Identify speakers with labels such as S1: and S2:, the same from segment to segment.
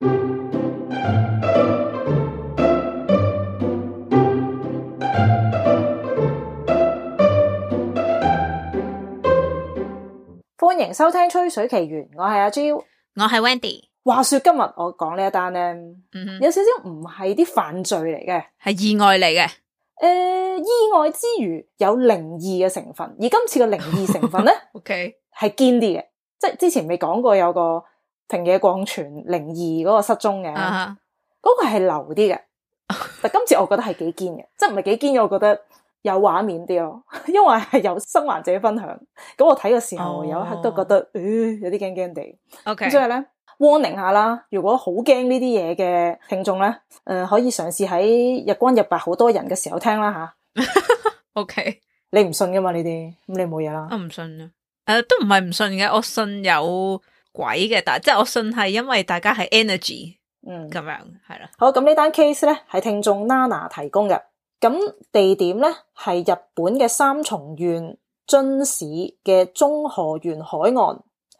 S1: 歡迎收聽《吹水奇緣》，我係阿蕉，我係 Wendy。話說今日我講呢、嗯、哼一單咧，有少少唔係啲犯罪嚟嘅，係意外嚟嘅。誒、呃，意外之餘有靈異嘅成分，而今次嘅靈異成分咧 ，OK 係堅啲嘅，即係之前未講過有個。《平野廣傳靈異》嗰個失蹤嘅，嗰、uh huh. 個係流啲嘅。但今次我覺得係幾堅嘅， 即係唔係幾堅嘅，我覺得有畫面啲咯，因為係有生還者分享。咁我睇嘅時候、oh. 有一刻都覺得、呃、有啲驚驚地。O Okay . K，所以咧 warning 下啦，如果好驚呢啲嘢嘅聽眾咧，誒、呃、可以嘗試喺日光日白好多人嘅時候聽啦吓。O K，你唔信噶嘛呢啲？咁你冇嘢啦。我唔信啊，誒 Okay.、
S2: 呃、都唔係唔信嘅，我信有。鬼嘅，但即係我信係因為大家係 energy，
S1: 嗯，咁樣係啦。好，咁呢單 case 咧係聽眾 Nana 提供嘅，咁地點咧係日本嘅三重縣津市嘅中河原海岸，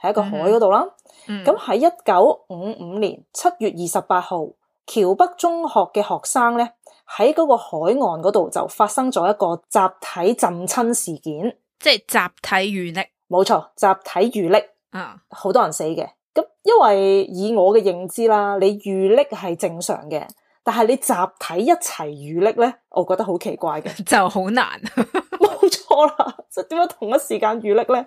S1: 喺一個海嗰度啦。咁喺一九五五年七月二十八號，橋北中學嘅學生咧喺嗰個海岸嗰度就發生咗一個集體浸親事件，即係集體遇溺。冇錯，集體遇溺。啊，好、uh. 多人死嘅，咁因為以我嘅認知啦，你遇溺係正常嘅，但係你集體一齊遇溺咧，我覺得好奇怪嘅，就好很難，冇 錯啦，即係點解同一時間遇溺咧？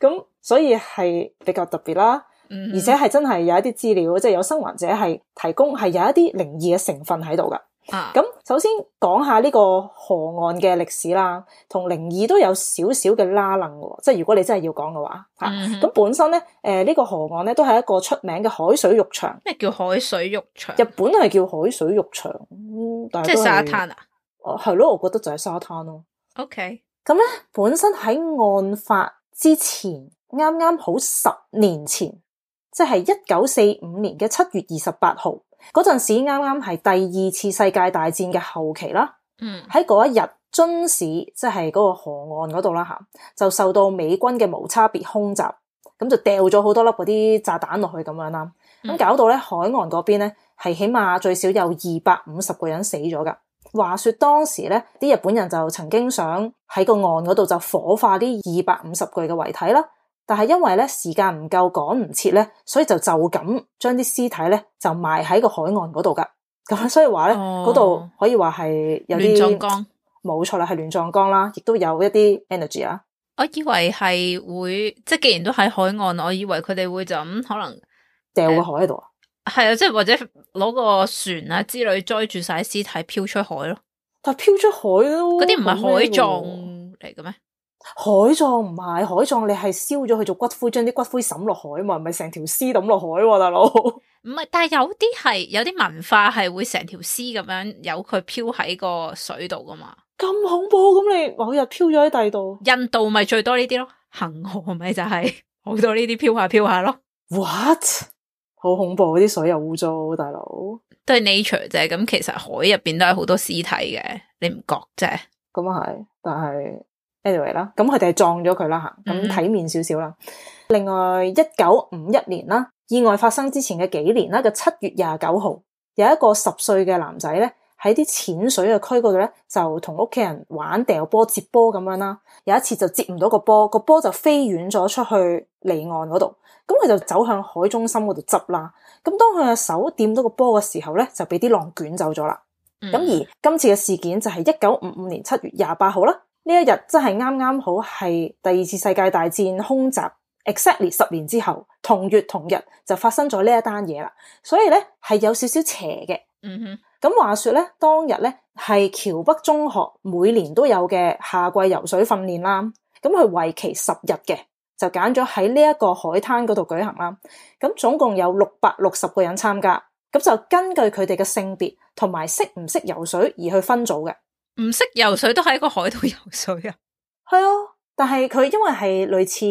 S1: 咁所以係比較特別啦，mm hmm. 而且係真係有一啲資料，即、就、係、是、有生還者係提供，係有一啲靈異嘅成分喺度噶。啊！咁首先講下呢個河岸嘅歷史啦，同靈異都有少少嘅拉楞，即係如果你真係要講嘅話，吓咁、嗯哼啊、本身咧，誒、呃、呢、呢個河岸咧都係一個出名嘅海水浴場。咩叫海水浴場？日本係叫海水浴場，
S2: 嗯、但是是即係沙灘啊？
S1: 哦、啊，係咯，我覺得就係沙灘咯、喔。OK，咁咧本身喺案發之前，啱啱好十年前，即係一九四五年嘅七月二十八號。嗰陣時啱啱係第二次世界大戰嘅後期啦，喺嗰一日，津市即係嗰個河岸嗰度啦吓，就受到美軍嘅無差別空襲，咁就掉咗好多粒嗰啲炸彈落去咁樣啦，咁搞到咧海岸嗰邊咧係起碼最少有二百五十個人死咗噶。話說當時咧，啲日本人就曾經想喺個岸嗰度就火化啲二百五十具嘅遺體啦。但係因為咧時間唔夠，趕唔切咧，所以就就咁將啲屍體咧就埋喺個海岸嗰度噶。咁所以話咧嗰度可以話係有亂葬崗？冇錯啦，係亂葬崗啦，亦都有一啲 energy 啊。
S2: 我以為係會即係既然都喺海岸，我以為佢哋會就咁可能
S1: 掉個海喺度啊。
S2: 係啊、呃，即係或者攞個船啊之類，載住晒屍體漂出海咯。
S1: 但係漂出海咯嗰啲唔係海葬嚟嘅咩？海葬唔係海葬，你係燒咗佢做骨灰，將啲骨灰抌落海嘛？唔係成條屍抌落海喎，大佬。
S2: 唔係，但係有啲係有啲文化係會成條屍咁樣由佢漂喺個水度噶嘛？
S1: 咁恐怖！咁你某日漂咗喺第度？印度咪最多呢啲咯，恆河咪就係好多呢啲漂下漂下咯。What？好恐怖！啲水又污糟，
S2: 大佬。都係 nature 啫。咁其實海入邊都係好多屍體嘅，你唔覺
S1: 啫？咁係，但係。Anyway 啦，咁佢哋係撞咗佢啦吓，咁體面少少啦。Mm hmm. 另外，一九五一年啦，意外發生之前嘅幾年啦，嘅七月廿九號，有一個十歲嘅男仔咧，喺啲淺水嘅區嗰度咧，就同屋企人玩掉波接波咁樣啦。有一次就接唔到個波，個波就飛遠咗出去離岸嗰度，咁佢就走向海中心嗰度執啦。咁當佢嘅手掂到個波嘅時候咧，就俾啲浪捲走咗啦。咁、mm hmm. 而今次嘅事件就係一九五五年七月廿八號啦。呢一日真係啱啱好係第二次世界大戰空襲 exactly 十年之後，同月同日就發生咗呢一單嘢啦，所以咧係有少少邪嘅。嗯哼。咁話說咧，當日咧係橋北中學每年都有嘅夏季游水訓練啦，咁佢為期十日嘅，就揀咗喺呢一個海灘嗰度舉行啦。咁總共有六百六十個人參加，咁就根據佢哋嘅性別同埋識唔識游水而去分組嘅。唔識
S2: 游水都喺個海度游水啊？
S1: 係啊，但係佢因為係類似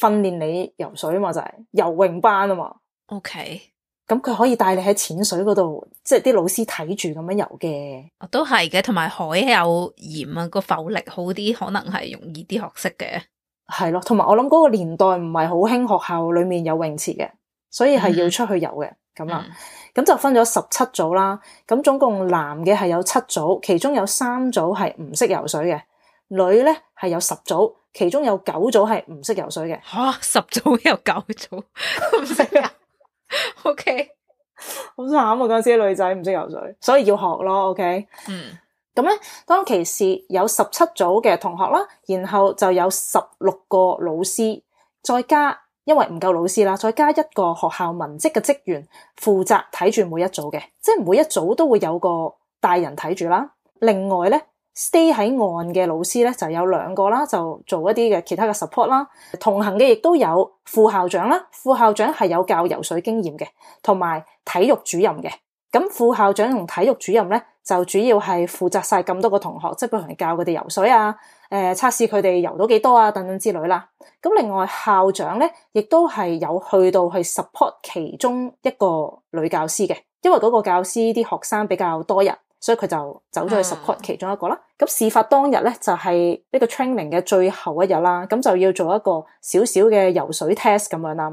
S1: 訓練你游水嘛，就係、是、游泳班啊嘛。OK，咁佢可以帶你喺淺水嗰度，即係啲老師睇住咁樣游嘅。
S2: 都係嘅，同埋海有鹽啊，個浮力好啲，可能係容易啲學識嘅。
S1: 係咯、啊，同埋我諗嗰個年代唔係好興學校裏面有泳池嘅，所以係要出去游嘅。嗯咁咁、嗯、就分咗十七組啦。咁總共男嘅係有七組，其中有三組係唔識游水嘅；女咧係有十組，其中有九組係唔識游水嘅。吓、啊，十組有九組唔識啊？OK，好慘啊！嗰陣 Okay、啊、時女仔唔識游水，所以要學咯。O、okay? K，嗯，咁咧當其時有十七組嘅同學啦，然後就有十六個老師，再加。因為唔夠老師啦，再加一個學校文職嘅職員負責睇住每一組嘅，即係每一組都會有個大人睇住啦。另外咧，stay 喺岸嘅老師咧就有兩個啦，就做一啲嘅其他嘅 support 啦。同行嘅亦都有副校長啦，副校長係有教游水經驗嘅，同埋體育主任嘅。咁副校長同體育主任咧，就主要係負責晒咁多個同學，即係譬如教佢哋游水啊，誒、呃，測試佢哋游到幾多啊，等等之類啦。咁另外校長咧，亦都係有去到去 support 其中一個女教師嘅，因為嗰個教師啲學生比較多人，所以佢就走咗去 support、啊、其中一個啦。咁事發當日咧，就係、是、一個 training 嘅最後一日啦，咁就要做一個小小嘅游水 test 咁樣啦。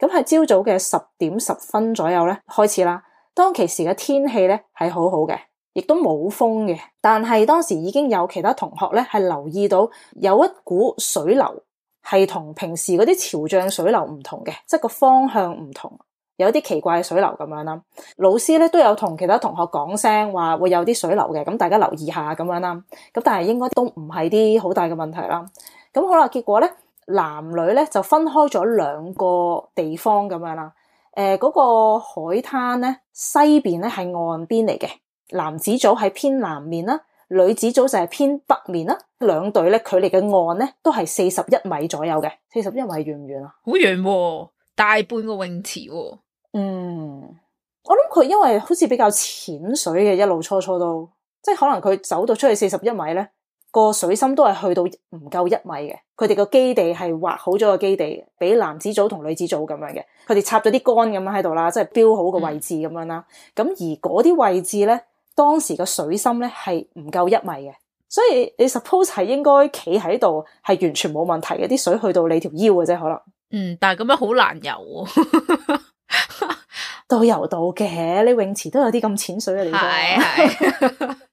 S1: 咁係朝早嘅十點十分左右咧開始啦。當其時嘅天氣咧，係好好嘅，亦都冇風嘅。但係當時已經有其他同學咧，係留意到有一股水流係同平時嗰啲潮漲水流唔同嘅，即係個方向唔同，有啲奇怪嘅水流咁樣啦。老師咧都有同其他同學講聲話，會有啲水流嘅，咁大家留意下咁樣啦。咁但係應該都唔係啲好大嘅問題啦。咁好啦，結果咧，男女咧就分開咗兩個地方咁樣啦。誒，嗰、呃嗰個海灘咧西邊咧係岸邊嚟嘅，男子組係偏南面啦，女子組就係偏北面啦。兩隊咧距離嘅岸咧都係四十一米左右嘅，四十一米遠唔遠啊？
S2: 好遠，大半個泳池。嗯，
S1: 我諗佢因為好似比較淺水嘅，一路初初都即係可能佢走到出去四十一米咧。個水深都係去到唔夠一米嘅。佢哋個基地係劃好咗個基地，俾男子組同女子組咁樣嘅，佢哋插咗啲桿咁樣喺度啦，即係標好個位置咁樣啦。咁、嗯、而嗰啲位置咧，當時個水深咧係唔夠一米嘅，所以你 suppose 係應該企喺度係完全冇問題嘅，啲水去到你條腰嘅啫，可能。嗯，
S2: 但係咁樣好難游，
S1: 啊，都 游到嘅。你泳池都有啲咁淺水嘅地方。是的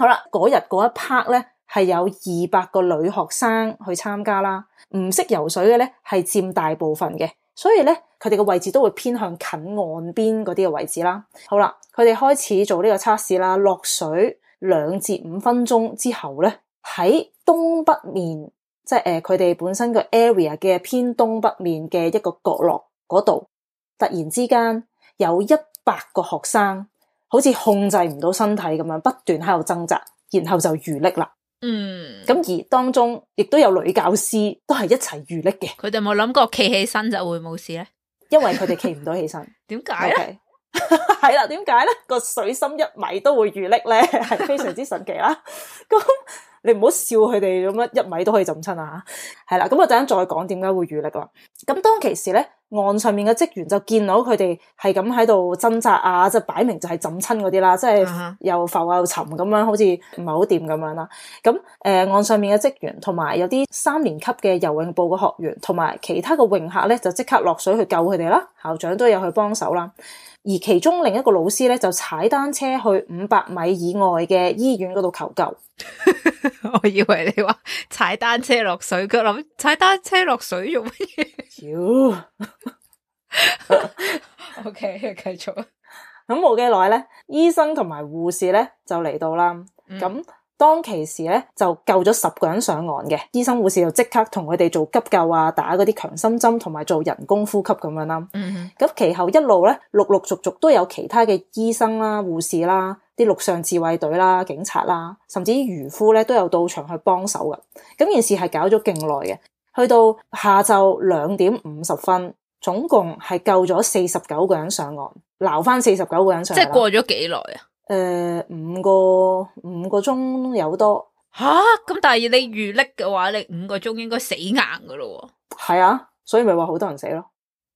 S1: 好啦，嗰日嗰一 part 咧，係有二百個女學生去參加啦，唔識游水嘅咧係占大部分嘅，所以咧佢哋嘅位置都會偏向近岸邊嗰啲嘅位置啦。好啦，佢哋開始做呢個測試啦，落水兩至五分鐘之後咧，喺東北面，即係誒佢哋本身個 area 嘅偏東北面嘅一個角落嗰度，突然之間有一百個學生。好似控制唔到身體咁樣，不斷喺度掙扎，然後就遇溺啦。嗯，咁而當中亦都有女教師都係一齊遇溺嘅。
S2: 佢哋冇諗過企起身就會冇事咧？因為佢
S1: 哋企唔到起身。點解啊？係啦 Okay. 點解咧？個水深一米都會遇溺咧，係非常之神奇啦。咁 你唔好笑佢哋咁乜一米都可以浸親啊。係 啦，咁我等下再講點解會遇溺咯。咁當其時咧。岸上面嘅職員就見到佢哋係咁喺度掙扎啊，就擺明就係浸親嗰啲啦，即係又浮又沉咁樣，好似唔係好掂咁樣啦。咁、嗯、誒，岸上面嘅職員同埋有啲三年級嘅游泳部嘅學員同埋其他嘅泳客咧，就即刻落水去救佢哋啦。校長都有去幫手啦，而其中另一個老師咧就踩單車去五百米以外嘅醫院嗰度求救。
S2: 我以為你話踩單車落水，佢諗踩單車落水
S1: 用咩 o、okay, K，繼續。咁冇幾耐咧，醫生同埋護士咧就嚟到啦。咁、mm hmm. 當其時咧就救咗十個人上岸嘅，醫生護士就即刻同佢哋做急救啊，打嗰啲強心針同埋做人工呼吸咁樣啦。咁、mm hmm. 其後一路咧，陸陸續續都有其他嘅醫生啦、啊、護士啦、啊、啲陸上自衛隊啦、啊、警察啦、啊，甚至漁夫咧都有到場去幫手噶。咁件事係搞咗勁耐嘅，去到下晝兩點五十分。總共係救咗四十九個人上岸，撈翻四十九個人上岸。即係過
S2: 咗幾耐啊？誒、
S1: 呃，五個五個鐘有多
S2: 吓？咁、啊、但係你遇溺嘅話，你五個鐘應該死硬噶咯？
S1: 係啊，所以咪話好多人死咯。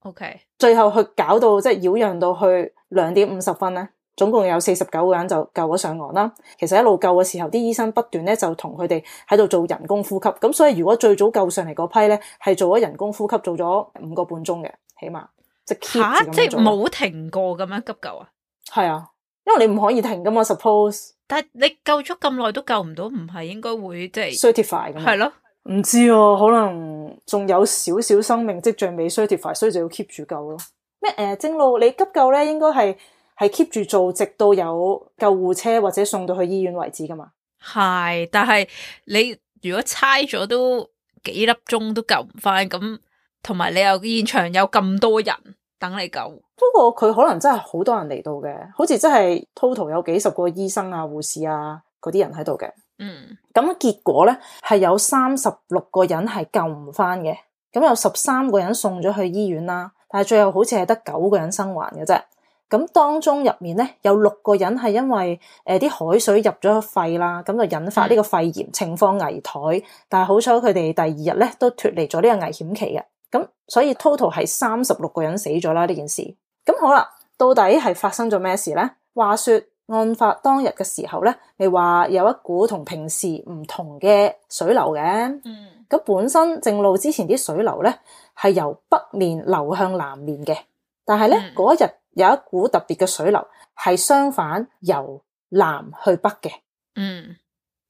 S1: OK，最後去搞到即係擾攘到去兩點五十分咧。總共有四十九個人就救咗上岸啦。其實一路救嘅時候，啲醫生不斷咧就同佢哋喺度做人工呼吸。咁所以如果最早救上嚟嗰批咧，係做咗人工呼吸，做咗五個半鐘嘅，起碼即 keep 住咁樣做。吓，即係冇
S2: 停過咁樣急救啊？
S1: 係啊，因為你唔可以停。㗎嘛 suppose，但係你救咗咁耐都救唔到，唔係應該會即係、就是、certify 咁樣係咯？唔知喎、啊，可能仲有少少生命即、就是、最未 certify，所以就要 keep 住救咯。咩誒？呃、正路，你急救咧，應該係。係 keep 住做，直到有救護車或者送到去醫院為止噶嘛？
S2: 係，但係你如果猜咗都幾粒鐘都救唔翻。咁，同埋你又現場有咁多人等你救。
S1: 不過佢可能真係好多人嚟到嘅，好似真係 total 有幾十個醫生啊、護士啊嗰啲人喺度嘅。嗯，咁結果咧係有三十六個人係救唔翻嘅，咁有十三個人送咗去醫院啦。但係最後好似係得九個人生還嘅啫。咁當中入面咧有六個人係因為誒啲、呃、海水入咗肺啦，咁就引發呢個肺炎情況危殆，但係好彩佢哋第二日咧都脫離咗呢個危險期嘅，咁所以 total 係三十六個人死咗啦呢件事。咁好啦，到底係發生咗咩事咧？話說案發當日嘅時候咧，你話有一股同平時唔同嘅水流嘅，咁本身正路之前啲水流咧係由北面流向南面嘅。但係咧嗰日，有一股特別嘅水流係相反，由南去北嘅，嗯，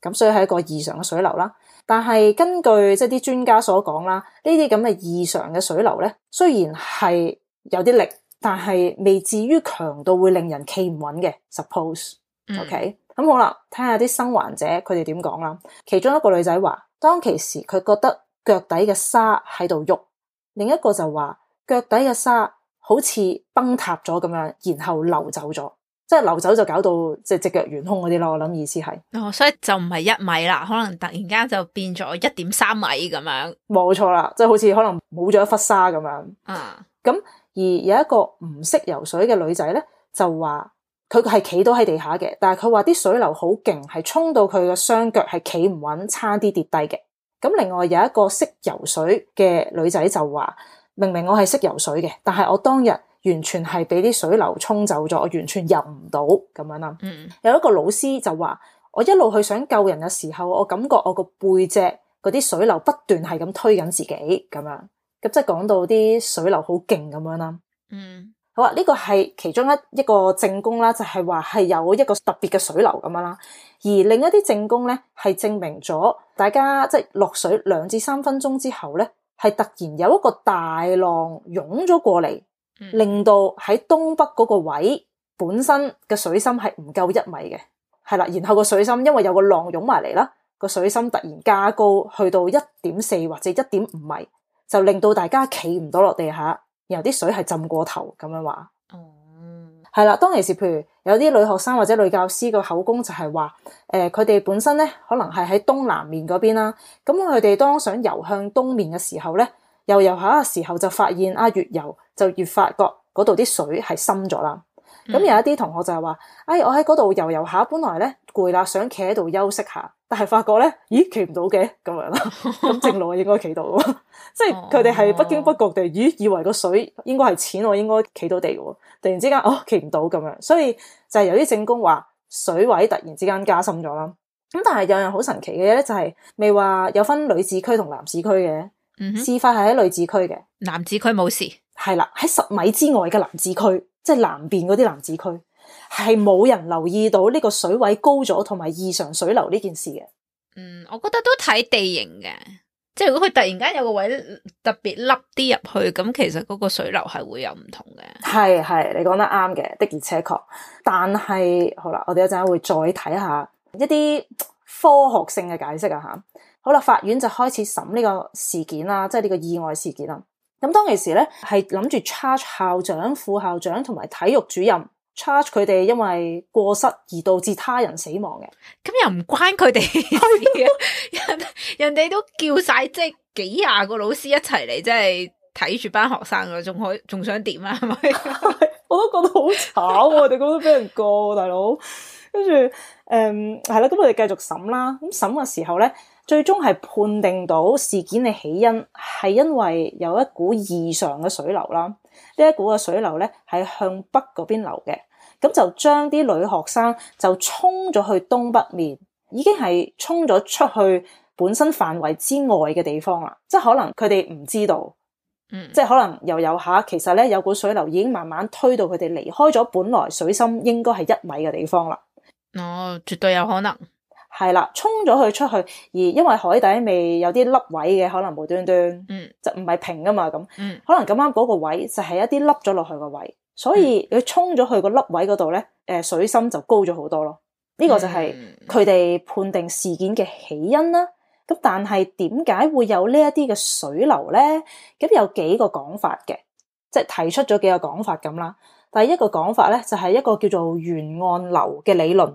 S1: 咁所以係一個異常嘅水流啦。但係根據即係啲專家所講啦，呢啲咁嘅異常嘅水流咧，雖然係有啲力，但係未至於強到會令人企唔穩嘅。Suppose，OK，嗯，okay？咁好啦，睇下啲生還者佢哋點講啦。其中一個女仔話，當其時佢覺得腳底嘅沙喺度喐，另一個就話腳底嘅沙。好似崩塌咗咁樣，然後流走咗，即係流走就搞到即係隻腳懸空嗰啲咯。我諗意思係，
S2: 哦，所以就唔係一米啦，可能突然間就變咗一點三米咁樣。
S1: 冇錯啦，即係好似可能冇咗一忽沙咁樣。啊、嗯，咁而有一個唔識游水嘅女仔咧，就話佢係企到喺地下嘅，但係佢話啲水流好勁，係衝到佢嘅雙腳係企唔穩，差啲跌低嘅。咁、嗯、另外有一個識游水嘅女仔就話。明明我係識游水嘅，但係我當日完全係俾啲水流沖走咗，我完全游唔到咁樣啦、啊。Mm. 有一個老師就話，我一路去想救人嘅時候，我感覺我個背脊嗰啲水流不斷係咁推緊自己咁樣、啊，咁即係講到啲水流好勁咁樣啦、啊。嗯，mm. 好啊，呢、這個係其中一一個證供啦，就係話係有一個特別嘅水流咁樣啦、啊。而另一啲證供咧，係證明咗大家即係落水兩至三分鐘之後咧。係突然有一個大浪湧咗過嚟，令到喺東北嗰個位本身嘅水深係唔夠一米嘅，係啦，然後個水深因為有個浪湧埋嚟啦，個水深突然加高去到一點四或者一點五米，就令到大家企唔到落地吓，然後啲水係浸過頭咁樣話，嗯，係啦，當其時譬如。有啲女學生或者女教師個口供就係話，誒、呃，佢哋本身咧，可能係喺東南面嗰邊啦。咁佢哋當想遊向東面嘅時候咧，遊遊下嘅時候就發現啊，越遊就越發覺嗰度啲水係深咗啦。咁有一啲同學就係話，哎，我喺嗰度遊遊下，本來咧。攰啦，想企喺度休息下，但係發覺咧，咦，企唔到嘅咁樣啦。咁正路應該企到喎， 即係佢哋係不經不覺地，咦，以為個水應該係淺，我應該企到地喎。突然之間哦，企唔到咁樣，所以就係有啲政工話水位突然之間加深咗啦。咁但係有樣好神奇嘅嘢咧，就是，就係未話有分女子區同男子區嘅，嗯、哼事發係喺女子區嘅，男子區冇事係啦，喺十米之外嘅男子區，即、就、係、是、南邊嗰啲男子區。係冇人留意到呢個水位高咗同埋異常水流呢件事嘅。嗯，
S2: 我覺得都睇地形嘅，即係如果佢突然間有個位特別凹啲入
S1: 去，咁其實嗰個水流係會有唔同嘅。係係，你講得啱嘅，的而且確。但係好啦，我哋一陣會再睇下一啲科學性嘅解釋啊。吓，好啦，法院就開始審呢個事件啦，即係呢個意外事件啦。咁當其時咧，係諗住 charge 校長、副校長同埋體育主任。charge 佢哋，因為過失而導致他人死亡嘅。咁又唔關佢哋事嘅，人人哋都叫晒，即係幾廿個老師一齊嚟，即
S2: 係睇住班學生咯，仲可仲想點啊？係咪
S1: 我都覺得好慘，啊，我哋咁樣俾人過，大佬，跟住誒，係、嗯、啦，咁我哋繼續審啦。咁審嘅時候咧。最終係判定到事件嘅起因係因為有一股異常嘅水流啦，呢一股嘅水流咧係向北嗰邊流嘅，咁就將啲女學生就沖咗去東北面，已經係沖咗出去本身範圍之外嘅地方啦，即係可能佢哋唔知道，嗯，即係可能又有下。其實咧有股水流已經慢慢推到佢哋離開咗本來水深應該係一米嘅地方啦，哦，
S2: 絕對有可能。
S1: 係啦，沖咗佢出去，而因為海底未有啲凹位嘅，可能無端端，嗯、就唔係平噶嘛咁，嗯、可能咁啱嗰個位就係、是、一啲凹咗落去個位，所以佢沖咗去個凹位嗰度咧，誒、嗯、水深就高咗好多咯。
S2: 呢、這個就係
S1: 佢哋判定事件嘅起因啦。咁、嗯、但係點解會有呢一啲嘅水流咧？咁有幾個講法嘅，即、就、係、是、提出咗幾個講法咁啦。第一個講法咧就係一個叫做沿岸流嘅理論。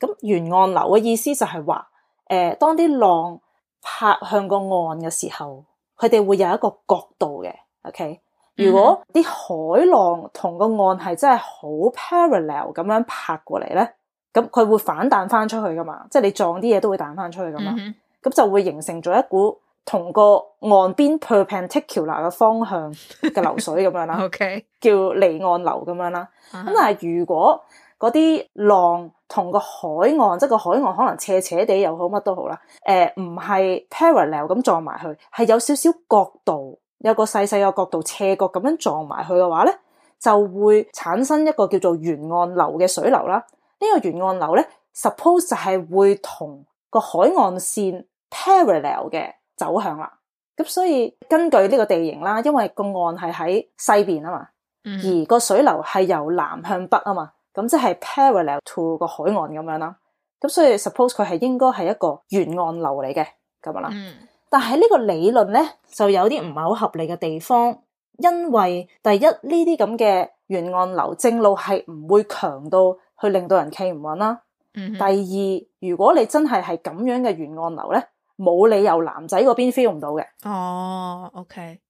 S1: 咁沿岸流嘅意思就係話，誒、呃，當啲浪拍向個岸嘅時候，佢哋會有一個角度嘅，OK？、Mm hmm. 如果啲海浪同個岸係真係好 parallel 咁樣拍過嚟咧，咁佢會反彈翻出去噶嘛？即係你撞啲嘢都會彈翻出去噶嘛？咁、mm hmm. 就會形成咗一股同個岸邊 perpendicular 嘅方向嘅流水咁樣啦 ，OK，叫離岸流咁樣啦。咁、uh huh. 但係如果嗰啲浪，同個海岸即係個海岸，就是，海岸可能斜斜地又好，好，乜都好啦。誒，唔係 parallel 咁撞埋去，係有少少角度，有個細細個角度斜角咁樣撞埋去嘅話咧，就會產生一個叫做沿岸流嘅水流啦。呢、這個沿岸流咧，suppose 就係會同個海岸線 parallel 嘅走向啦。咁所以根據呢個地形啦，因為個岸係喺西邊啊嘛，而個水流係由南向北啊嘛。咁即係 parallel to 個海岸咁樣啦，咁所以 suppose 佢係應該係一個沿岸流嚟嘅咁樣啦。嗯、但係呢個理論咧就有啲唔係好合理嘅地方，因為第一呢啲咁嘅沿岸流正路係唔會強到去令到人企唔穩啦。嗯、哼第二，如果你真係係咁樣嘅沿岸流咧，冇理由男仔個邊 feel 唔到嘅。哦，OK。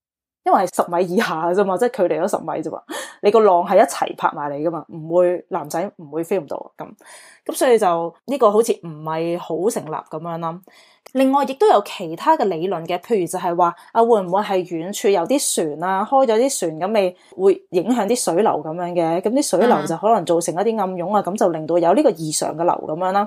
S1: 因為十米以下嘅啫嘛，即係距離咗十米啫嘛，你個浪係一齊拍埋嚟噶嘛，唔會男仔唔會飛唔到咁，咁所以就呢個好似唔係好成立咁樣啦。另外，亦都有其他嘅理論嘅，譬如就係話啊，會唔會係遠處有啲船啊，開咗啲船咁，你會影響啲水流咁樣嘅，咁啲水流就可能造成一啲暗湧啊，咁就令到有呢個異常嘅流咁樣啦。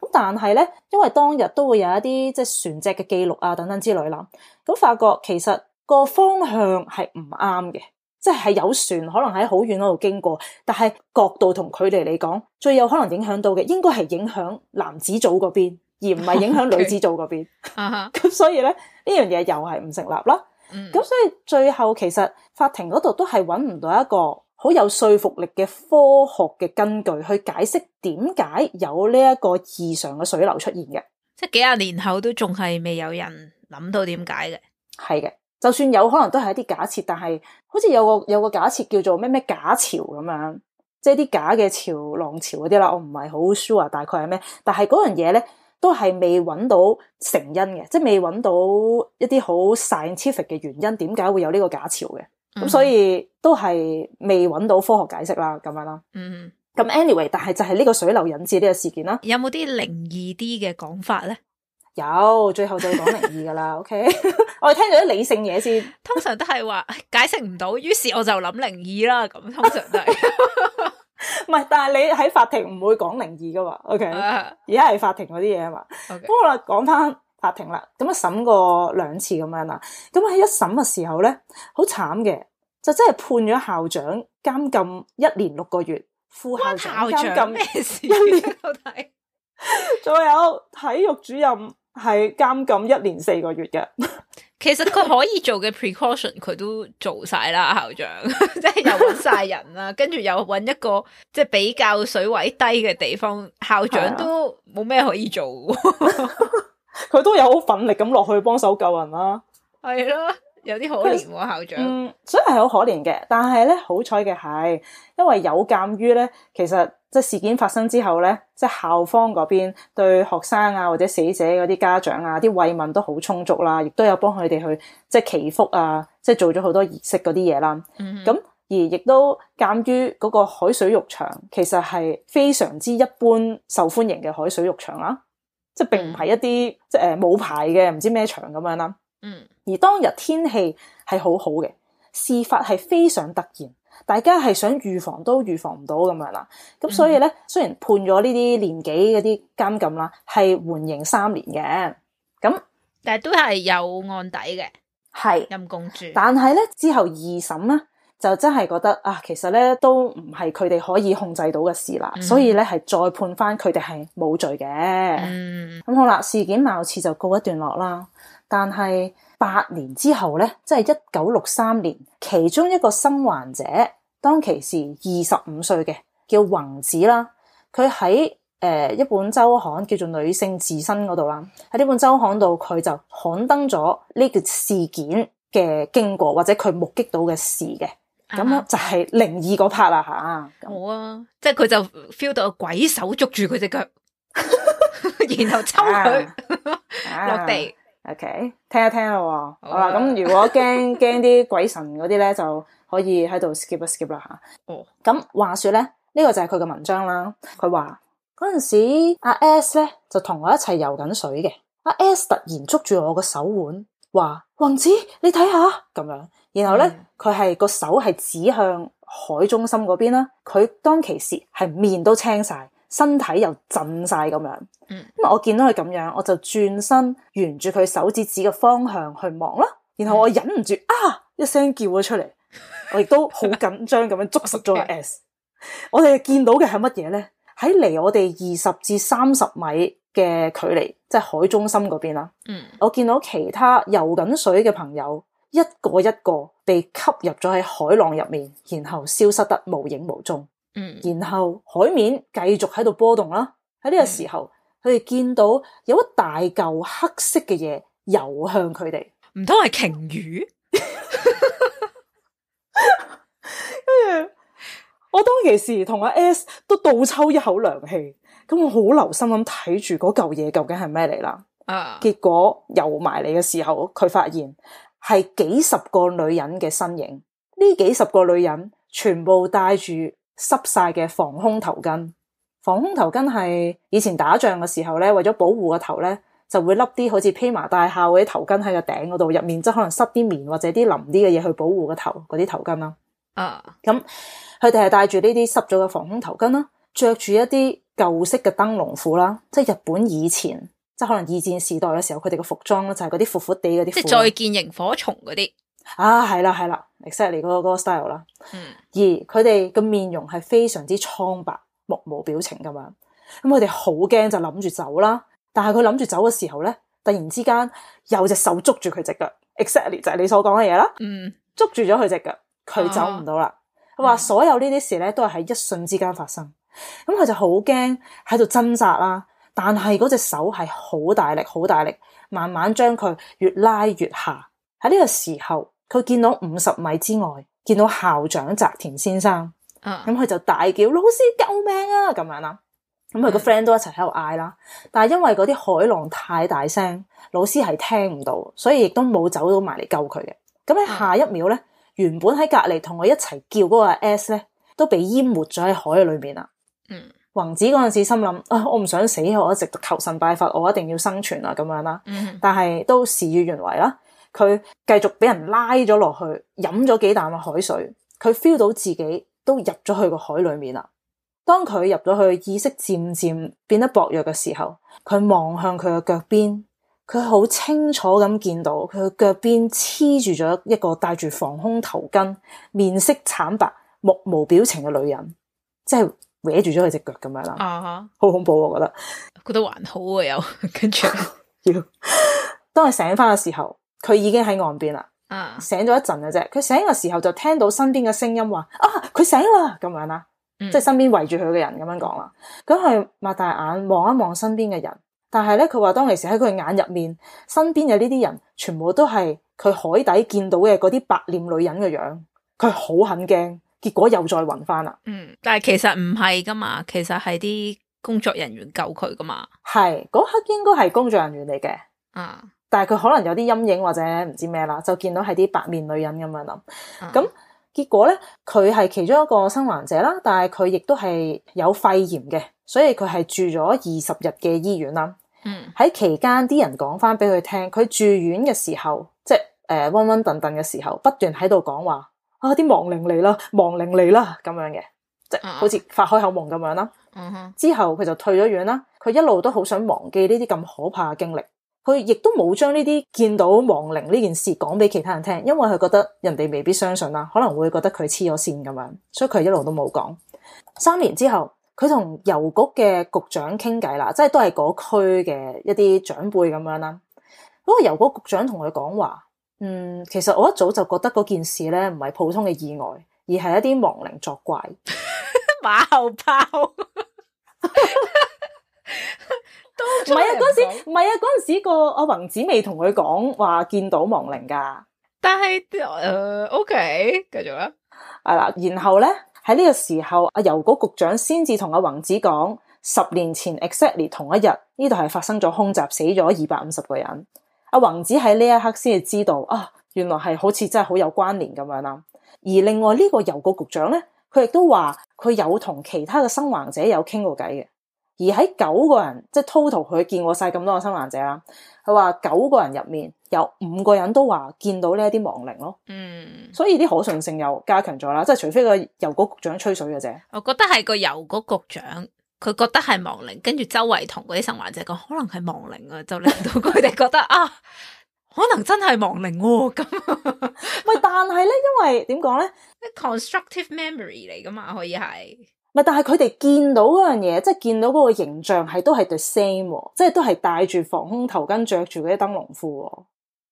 S1: 咁但係咧，因為當日都會有一啲即係船隻嘅記錄啊，等等之類啦，咁發覺其實。個方向係唔啱嘅，即係有船可能喺好遠嗰度經過，但係角度同距離嚟講，最有可能影響到嘅，應該係影響男子組嗰邊，而唔係影響女子組嗰邊。咁、okay. uh huh. 所以咧呢樣嘢又係唔成立啦。咁、mm. 所以最後其實法庭嗰度都係揾唔到一個好有說服力嘅科學嘅根據去解釋點解有呢一個異常嘅水流出現嘅。
S2: 即係幾廿年後都仲係未有人諗到點解嘅，係嘅。
S1: 就算有可能都係一啲假設，但係好似有個有個假設叫做咩咩假潮咁樣，即係啲假嘅潮浪潮嗰啲啦，我唔係好 sure 大概係咩，但係嗰樣嘢咧都係未揾到成因嘅，即係未揾到一啲好 scientific 嘅原因，點解會有呢個假潮嘅？咁、mm hmm. 所以都係未揾到科學解釋啦，咁樣囉。嗯、hmm.，咁 anyway，但係就係呢個水流引致呢個事件啦。有冇啲靈異啲嘅講法咧？有，最後就講靈異噶啦，OK。我哋聽到啲理性嘢先，通常
S2: 都係話解釋唔到，於是我就諗靈異啦。咁通常都係，
S1: 唔係。但係你喺法庭唔會講靈異噶嘛？O K，而家係法庭嗰啲嘢啊嘛。好啦講翻法庭啦。咁啊審過兩次咁樣啦。咁喺一審嘅時候咧，好慘嘅，就真係判咗校長監禁一年六個月，副校長監禁一年，好睇。仲有體育主任係監禁一年四個月嘅。
S2: 其實佢可以做嘅 precaution 佢都做晒啦，校長， 即係又搵晒人啦、啊，跟住又搵一個即係、就是、比較水位低嘅地方，校長都冇咩可以做，
S1: 佢 都有好奮力咁落去幫手救人啦、
S2: 啊，係咯，有啲可憐
S1: 喎，校長，嗯，所以係好可憐嘅，但係咧好彩嘅係，因為有鑑於咧，其實。即事件發生之後咧，即校方嗰邊對學生啊，或者死者嗰啲家長啊，啲慰問都好充足啦，亦都有幫佢哋去即祈福啊，即做咗好多儀式嗰啲嘢啦。咁、mm hmm. 而亦都鑑於嗰個海水浴場其實係非常之一般受歡迎嘅海水浴場啦，即並唔係一啲、mm hmm. 即誒呃、冇牌嘅唔知咩場咁樣啦。嗯、mm，hmm. 而當日天氣係好好嘅，事發係非常突然。大家係想預防都預防唔到咁樣啦，咁所以咧、嗯、雖然判咗呢啲年幾嗰啲監禁啦，係緩刑三年嘅，咁
S2: 但係都係有案底嘅，係陰是公住。但
S1: 係咧之後二審咧就真係覺得啊，其實咧都唔係佢哋可以控制到嘅事啦，嗯、所以咧係再判返佢哋係冇罪嘅。咁、嗯、好啦，事件貌似就告一段落啦。但係八年之後咧，即係一九六三年，其中一個生還者當其時二十五歲嘅，叫宏子啦。佢喺誒一本周刊叫做《女性自身》嗰度啦，喺呢本周刊度，佢就刊登咗呢件事件嘅經過，或者佢目擊到嘅事嘅。咁就係靈異嗰 part 啦吓。好、uh huh.
S2: 啊，冇啊即係佢就 feel 到鬼手
S1: 捉住佢隻腳，
S2: 然後抽佢、uh
S1: uh. 落地。OK，聽一聽咯，oh. 好啦。咁如果驚驚啲鬼神嗰啲咧，就可以喺度 skip, skip 一 skip 啦吓。哦，咁話說咧，呢、這個就係佢嘅文章啦。佢話嗰陣時阿 S 咧就同我一齊游緊水嘅，阿 S, S 突然捉住我個手腕，話，王子你睇下咁樣。然後咧，佢係個手係指向海中心嗰邊啦。佢當其時係面都青晒。身體又震晒咁樣，咁我見到佢咁樣，我就轉身沿住佢手指指嘅方向去望啦。然後我忍唔住啊一聲叫咗出嚟，我亦都好緊張咁樣捉實咗個 S。Okay. 我哋見到嘅係乜嘢咧？喺離我哋二十至三十米嘅距離，即係海中心嗰邊啦。我見到其他游緊水嘅朋友一個一個被吸入咗喺海浪入面，然後消失得無影無蹤。然後海面繼續喺度波動啦，喺呢個時候佢哋、嗯、見到有一大嚿黑色嘅嘢游向佢哋，唔通係鯨魚？跟住 我當其時同阿 S 都倒抽一口涼氣，咁我好留心咁睇住嗰嚿嘢究竟係咩嚟啦。啊！Uh. 結果游埋嚟嘅時候，佢發現係幾十個女人嘅身影，呢幾十個女人全部帶住。濕晒嘅防空頭巾，防空頭巾係以前打仗嘅時候咧，為咗保護個頭咧，就會笠啲好似披麻戴孝嗰啲頭巾喺個頂嗰度，入面即係可能濕啲棉或者啲淋啲嘅嘢去保護個頭嗰啲頭巾啦。啊，咁佢哋係戴住呢啲濕咗嘅防空頭巾啦，着住一啲舊式嘅燈籠褲啦，即係日本以前，即係可能二戰時代嘅時候，佢哋嘅服裝咧就係嗰啲闊闊地嗰啲褲，即係再
S2: 見螢火蟲嗰啲。
S1: 啊，係啦係啦，exactly 嗰個、嗰個 style 啦。嗯，而佢哋嘅面容係非常之蒼白、目無表情咁樣。咁佢哋好驚就諗住走啦。但係佢諗住走嘅時候咧，突然之間有隻手捉住佢隻腳，exactly、嗯、就係你所講嘅嘢啦。嗯，捉住咗佢隻腳，佢走唔到啦。佢話、啊、所有呢啲事咧都係喺一瞬之間發生。咁佢就好驚喺度掙扎啦。但係嗰隻手係好大力，好大力，慢慢將佢越拉越下。喺呢個時候。佢見到五十米之外，見到校長澤田先生，咁佢、啊、就大叫：老師救命啊！咁樣啦，咁佢個 friend 都一齊喺度嗌啦。但係因為嗰啲海浪太大聲，老師係聽唔到，所以亦都冇走到埋嚟救佢嘅。咁喺下一秒咧，嗯、原本喺隔離同我一齊叫嗰個 S 咧，都俾淹沒咗喺海裏面啦。嗯、宏子嗰陣時心諗：啊、哎，我唔想死，我一直求神拜佛，我一定要生存啊！咁樣啦，嗯、但係都事與願違啦。佢繼續俾人拉咗落去，飲咗幾啖嘅海水，佢 feel 到自己都入咗去個海裏面啦。當佢入咗去，意識漸漸變得薄弱嘅時候，佢望向佢嘅腳邊，佢好清楚咁見到佢嘅腳邊黐住咗一個戴住防空頭巾、面色慘白、目無表情嘅女人，即係搲住咗佢隻腳咁樣啦。啊好、uh huh. 恐怖，我覺得。覺得還好啊，又跟住要。 當佢醒翻嘅時候。佢已經喺岸邊啦，醒咗一陣嘅啫。佢醒嘅時候就聽到身邊嘅聲音話：啊，佢醒啦咁樣啦，嗯、即係身邊圍住佢嘅人咁樣講啦。咁佢擘大眼望一望身邊嘅人，但係咧，佢話當其時喺佢眼入面，身邊嘅呢啲人全部都係佢海底見到嘅嗰啲白臉女人嘅樣，佢好很驚。結果又再暈翻啦。嗯，
S2: 但係其實唔係噶嘛，其實係啲工作人員救佢噶嘛。係，嗰刻應該係工作人
S1: 員嚟嘅。啊、嗯。但係佢可能有啲陰影或者唔知咩啦，就見到係啲白面女人咁樣啦。咁結果咧，佢係其中一個生還者啦，但係佢亦都係有肺炎嘅，所以佢係住咗二十日嘅醫院啦。嗯，喺期間啲人講翻俾佢聽，佢住院嘅時候，即係誒暈暈頓頓嘅時候，不斷喺度講話啊，啲亡靈嚟啦，亡靈嚟啦咁樣嘅，即係好似發開口夢咁樣啦。嗯，之後佢就退咗院啦，佢一路都好想忘記呢啲咁可怕嘅經歷。佢亦都冇將呢啲見到亡靈呢件事講俾其他人聽，因為佢覺得人哋未必相信啦，可能會覺得佢黐咗線咁樣，所以佢一路都冇講。三年之後，佢同郵局嘅局長傾偈啦，即係都係嗰區嘅一啲長輩咁樣啦。嗰個郵局局長同佢講話：嗯，其實我一早就覺得嗰件事咧唔係普通嘅意外，而係一啲亡靈作怪， 馬後炮跑笑。唔係啊！嗰時唔係啊！嗰陣時個阿宏子未同佢講話見到亡靈噶，但係誒，OK，繼續啦。啊啦，然後咧喺呢個時候，阿郵局局長先至同阿宏子講，十年前 exactly 同一日呢度係發生咗空襲，死咗二百五十個人。阿宏子喺呢一刻先係知道啊，原來係好似真係好有關聯咁樣啦。而另外呢個郵局局長咧，佢亦都話佢有同其他嘅生還者有傾過偈嘅。而喺九個人，即係 total，佢見過晒咁多個生還者啦。佢話九個人入面有五個人都話見到呢一啲亡靈咯。嗯，所以啲可信性又加強咗啦。即係除非個郵局局長吹水嘅啫。
S2: 我覺得係個郵局局長，佢覺得係亡靈，跟住周圍同嗰啲生還者講，可能係亡靈啊，就令到佢哋覺得 啊，可能真係亡靈咁，啊。咪但係咧，因為點講咧？constructive memory 嚟噶嘛，可以係。
S1: 但係佢哋見到嗰樣嘢，即係見到嗰個形象係都係 the same，即係都係戴住防空頭巾、着住嗰啲燈籠褲，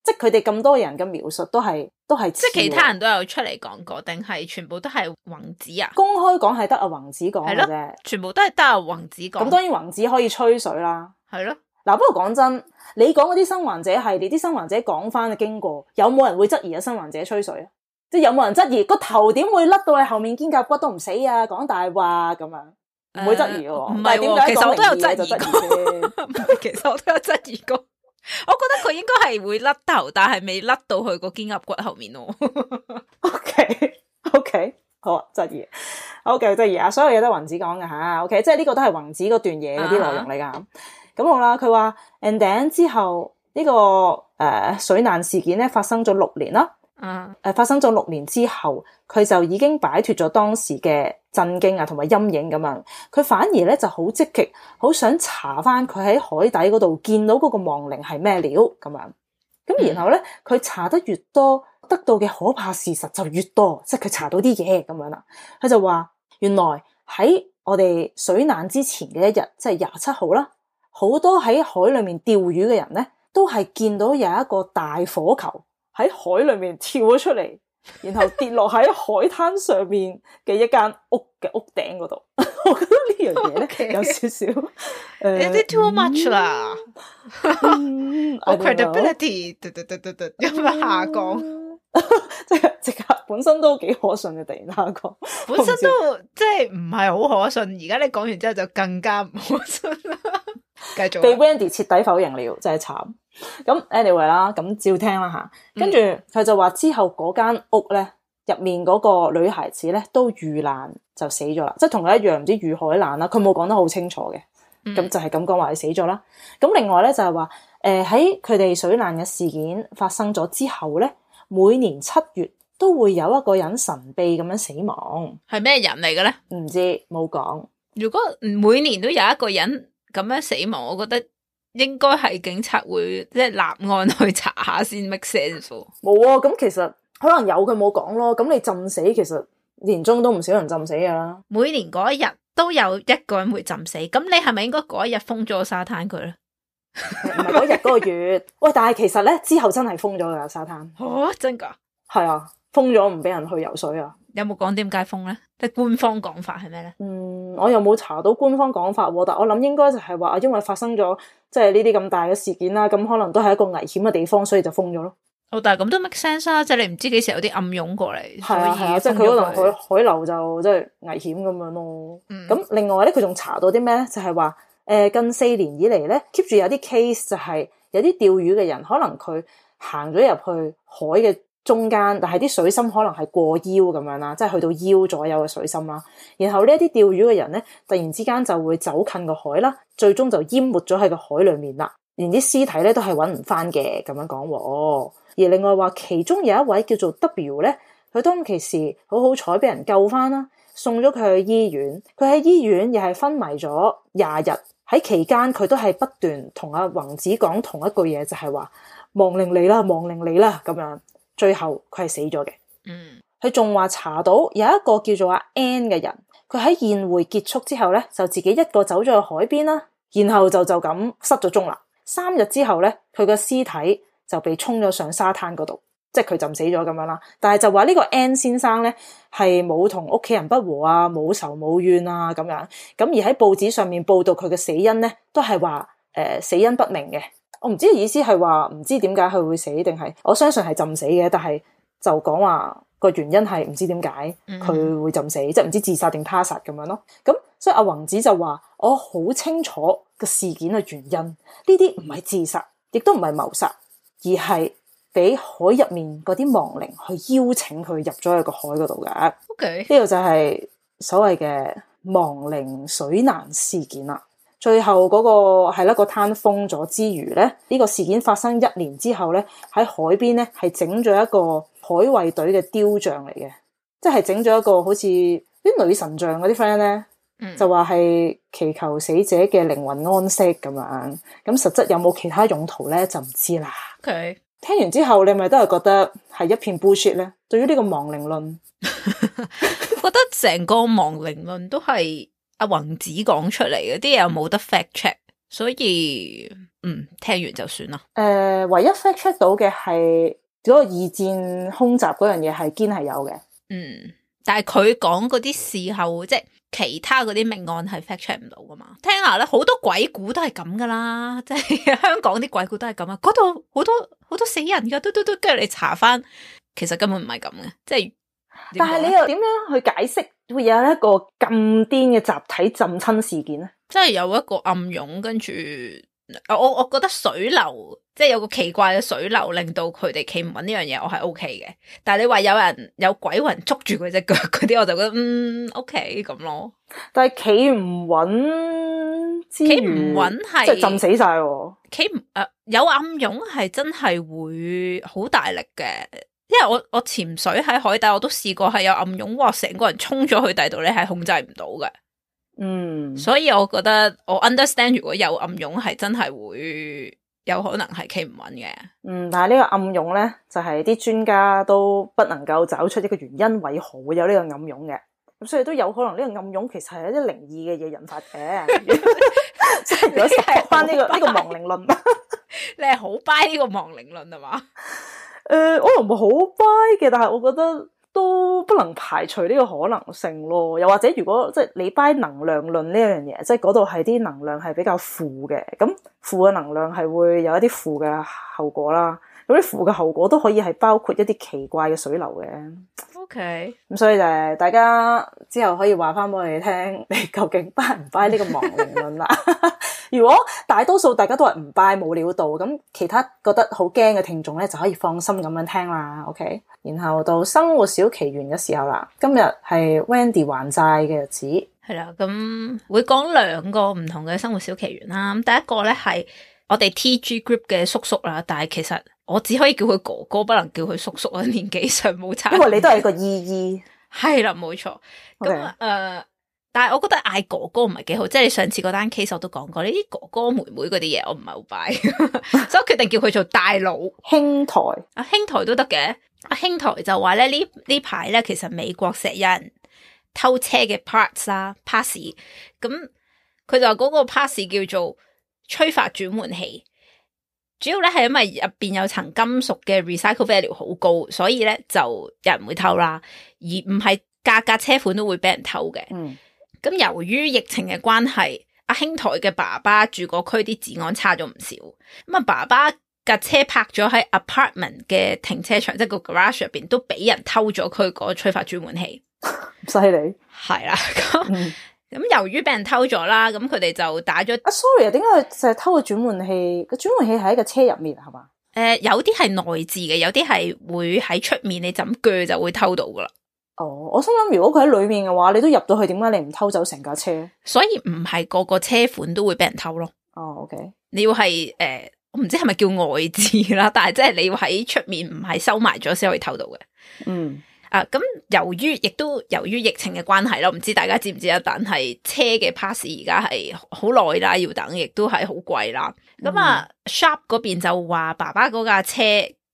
S1: 即係佢哋咁多人嘅描述都係都係。即係其他人
S2: 都有出嚟講過，定係全部都係宏
S1: 子啊？公開講係得阿宏子講嘅啫，
S2: 全部都係得阿宏子講。咁當然宏
S1: 子可以吹水啦，係咯的。嗱，不過講真，你講嗰啲生還者系列，啲生還者講翻嘅經過，有冇人會質疑阿生還者吹水啊？即係有冇人質疑個頭點會甩到去後面肩胛骨都唔死啊？講大話咁樣，唔、啊、會質疑喎。唔係點解？其實我都有質疑，過質疑
S2: 其實我都有質疑過。我覺得佢應該係會甩頭， 但係未甩到去個肩胛骨後面咯。O
S1: K，O K，好啊，質疑。OK，繼續質疑啊！所有嘢都係宏子講㗎。吓。O K，即係呢個都係宏子嗰段嘢嗰啲內容嚟㗎。咁好啦，佢話 and then 之後呢、這個誒、呃、水難事件咧發生咗六年啦。啊！誒發生咗六年之後，佢就已經擺脱咗當時嘅震驚啊，同埋陰影咁樣。佢反而咧就好積極，好想查返佢喺海底嗰度見到嗰個亡靈係咩料咁樣。咁然後咧，佢查得越多，得到嘅可怕事實就越多，即係佢查到啲嘢咁樣啦。佢就話：原來喺我哋水難之前嘅一日，即係廿七號啦，好多喺海裡面釣魚嘅人咧，都係見到有一個大火球。喺海裏面跳咗出嚟，然後跌落喺海灘上面嘅一間屋嘅屋頂嗰度， 我覺得這呢樣嘢咧有少少誒，is it too much 啦，credibility，有冇下降？即係即刻，本身都幾可信嘅，突然間講，不本身都即係唔係好可信，
S2: 而家你講完之後就更加唔可信。
S1: 繼續被 Wendy 徹底否認了，真係慘。咁 Anyway 啦，咁照聽啦吓。嗯、跟住佢就話之後嗰間屋咧，入面嗰個女孩子咧都遇難就死咗啦，即係同佢一樣唔知遇海難啦，佢冇講得好清楚嘅。咁、嗯、就係咁講話，佢死咗啦。咁另外咧就係、是、話，誒喺佢哋水難嘅事件發生咗之後咧，每年七月都會有一個人神秘咁樣死亡，
S2: 係咩人嚟嘅咧？唔知冇講。沒說如果每年都有一個人。咁樣死亡，我覺得應該係警察會即係立案去查下先，make sense
S1: 冇啊？咁其實可能有佢冇講咯。咁你浸死其實年中都唔少人浸死噶啦。每年嗰一日都
S2: 有一個人會浸死，咁你係咪應該嗰一日封咗沙灘佢咧？
S1: 唔係，嗰日嗰個月。 喂，但係其實咧之後真係封咗噶沙灘。吓、哦，真噶？係啊，封咗唔俾人去游水啊。有冇講
S2: 點解封咧？即係官方講法係咩咧？嗯，
S1: 我又冇查到官方講法，但我諗應該就係話啊，因為發生咗即係呢啲咁大嘅事件啦，咁可能都係一個危險嘅地方，所以就封咗咯。哦，但係咁都 make sense 啦，即係你唔知幾時有啲暗湧過嚟。係啊，係啊，即係佢可能海海流就即係危險咁樣咯。咁，嗯，另外咧，佢仲查到啲咩咧？就係話誒，近四年以嚟咧，keep 住有啲 case 就係有啲釣魚嘅人，可能佢行咗入去海嘅中間但係啲水深可能係過腰咁樣啦，即係去到腰左右嘅水深啦。然後呢一啲釣魚嘅人咧，突然之間就會走近個海啦，最終就淹沒咗喺個海裏面啦，連啲屍體咧都係揾唔翻嘅。咁樣講，而另外話，其中有一位叫做 W 咧，佢當其時好好彩，俾人救翻啦，送咗佢去醫院。佢喺醫院又係昏迷咗廿日，喺期間佢都係不斷同阿宏子講同一句嘢，就係話亡靈你啦，亡靈你啦咁樣。最後佢係死咗嘅，嗯，佢仲話查到有一個叫做阿 N 嘅人，佢喺宴會結束之後咧，就自己一個走咗去海邊啦，然後就就咁失咗蹤啦。三日之後咧，佢嘅屍體就被沖咗上沙灘嗰度，即係佢浸死咗咁樣啦。但係就話呢個 N 先生咧，係冇同屋企人不和啊，冇仇冇怨啊，咁樣。咁而喺報紙上面報道佢嘅死因咧，都係話誒，死因不明嘅。我唔知意思係話唔知點解佢會死，定係我相信係浸死嘅。但係就講話個原因係唔知點解佢會浸死，mm hmm. 即係唔知自殺定他殺咁樣咯。咁所以阿宏子就話：我好清楚個事件嘅原因，呢啲唔係自殺，亦都唔係謀殺，而係俾海入面嗰啲亡靈去邀請佢入咗去個海嗰度嘅。呢度 Okay. 就係所謂嘅亡靈水難事件啦。最後嗰、那個係啦，是那個攤封咗之餘咧，呢、這個事件發生一年之後咧，喺海邊咧係整咗一個海衛隊嘅雕像嚟嘅，即係整咗一個好似啲女神像嗰啲 friend 咧，嗯、就話係祈求死者嘅靈魂安息咁樣。咁實質有冇其他用途咧就唔知啦。OK，聽完之後你咪都係覺得係一片 bullshit 咧。對於呢個亡靈論，
S2: 覺得成個亡靈論都係。阿、啊、宏子講出嚟嗰啲嘢又冇得 fact check，所以嗯聽完就算
S1: 啦。誒、呃，唯一 fact check 到嘅係嗰個二戰空襲嗰樣嘢係堅係有嘅。
S2: 嗯，但係佢講嗰啲事後，即係其他嗰啲命案係 fact check 唔到噶嘛？聽下啦，好多鬼故都係咁噶啦，即係香港啲鬼故都係咁啊，嗰度好多好多死人噶，都都都，跟住你查翻，其實根本唔係咁嘅。
S1: 即係，但係你又點樣去解釋？會有一個咁癲嘅集體浸親事件咧？
S2: 即係有一個暗湧，跟住我我覺得水流，即係有個奇怪嘅水流，令到佢哋企唔穩呢樣嘢，我係 O K 嘅。但係你話有人有鬼魂捉住佢隻腳嗰啲，我就覺得嗯 O K 咁咯。
S1: 但係企唔穩之餘，企唔穩係即係浸死晒。
S2: 企唔誒有暗湧係真係會好大力嘅。因為我我潛水喺海底，我都試過係有暗湧，哇！成個人衝咗去第度咧，係控制唔到嘅。嗯，
S1: 所
S2: 以我覺得我 understand，如果有暗湧，係真係會有可
S1: 能係企唔穩嘅。嗯，但係呢個暗湧咧，就係啲專家都不能夠找出一個原因為好，為何會有呢個暗湧嘅。咁所以都有可能呢個暗湧其實係一啲靈異嘅嘢引發嘅，即係 如果學翻呢個呢個亡靈論，
S2: 你係好 buy 呢個亡靈論係嘛？
S1: 誒，我又唔係好 buy 嘅，但係我覺得都不能排除呢個可能性咯。又或者如果即係你 buy 能量論呢樣嘢，即係嗰度係啲能量係比較負嘅，咁負嘅能量係會有一啲負嘅後果啦。嗰啲副嘅後果都可以係包括一啲奇怪嘅水流嘅。OK，咁所以就係大家之後可以話翻俾我哋聽，你究竟拜唔拜呢個亡靈論啦？如果大多數大家都話唔拜，冇料到咁，其他覺得好驚嘅聽眾咧，就可以放心咁樣聽啦。OK，然後到生活小奇緣嘅時候啦，今日係 Wendy 還債嘅日子，
S2: 係啦，咁會講兩個唔同嘅生活小奇緣啦。咁第一個咧，係我哋 TG Group 嘅叔叔啦，但係其實。我只可以叫佢哥哥，不能叫佢叔叔啊！年紀上冇差，不過你都係個姨姨，係啦，冇錯。咁誒 Okay.、呃，但係我覺得嗌哥哥唔係幾好，即係你上次嗰單 case 我都講過，你啲哥哥妹妹嗰啲嘢，我唔係好 buy，所以我決定叫佢做大佬兄台啊，兄台都得嘅。阿、啊、兄台就話咧，呢呢排咧，其實美國石人偷車嘅 parts 啦 parts 咁，佢就話嗰個 parts 叫做催化轉換器。主要咧，係因為入邊有層金屬嘅 recycle value 好高，所以咧就有人會偷啦。而唔係價格車款都會俾人偷嘅。咁、嗯、由於疫情嘅關係，阿兄台嘅爸爸住個區啲治安差咗唔少。咁啊，爸爸架車泊咗喺 apartment 嘅停車場，即、就、係、是、個 garage 入邊都俾人偷咗佢個催化轉換器。犀利係啦。是的 嗯
S1: 咁由於俾人偷咗啦，咁佢哋就打咗。啊，sorry，點解佢淨係偷個轉換器？個轉換器喺個車入面係嘛？
S2: 誒、呃，有啲係內置嘅，有啲係會喺出面，你枕鋸就會偷到噶啦。
S1: 哦，我心諗如果佢喺裏面嘅話，你都入到去，點解你唔偷走成架車？所
S2: 以唔係個個車款都會俾人偷咯。哦，OK，你要係誒、呃，我唔知係咪叫外置啦，但係即係你要喺出面，唔係收埋咗先可以偷到嘅。嗯。啊，咁由於亦都由於疫情嘅關係啦，唔知大家知唔知啊？但係車嘅 pass 而家係好耐啦，要等，亦都係好貴啦。咁、嗯、啊，shop 嗰邊就話爸爸嗰架車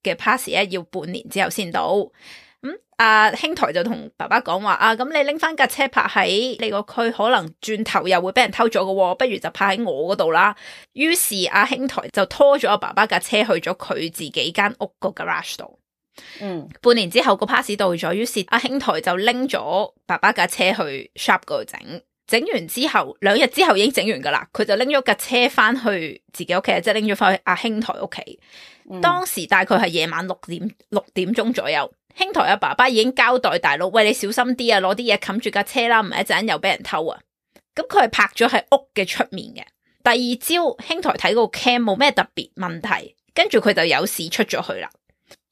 S2: 嘅 pass 咧要半年之後先到。咁阿兄台就同爸爸講話啊，咁你拎翻架車泊喺你個區，可能轉頭又會俾人偷咗嘅喎，不如就泊喺我嗰度啦。於是阿、啊、兄台就拖咗爸爸架車去咗佢自己間屋個 garage 度。嗯，半年之後個 pass 到咗，於是阿兄台就拎咗爸爸架車去 shop 嗰度整，整完之後兩日之後已經整完噶啦，佢就拎咗架車翻去自己屋企，即係拎咗翻去阿兄台屋企。嗯、當時大概係夜晚六點六點鐘左右，兄台阿爸爸已經交代大佬，喂，你小心啲啊，攞啲嘢冚住架車啦，唔係一陣又俾人偷啊。咁佢係拍咗喺屋嘅出面嘅，第二朝兄台睇個 cam 冇咩特別問題，跟住佢就有事出咗去啦。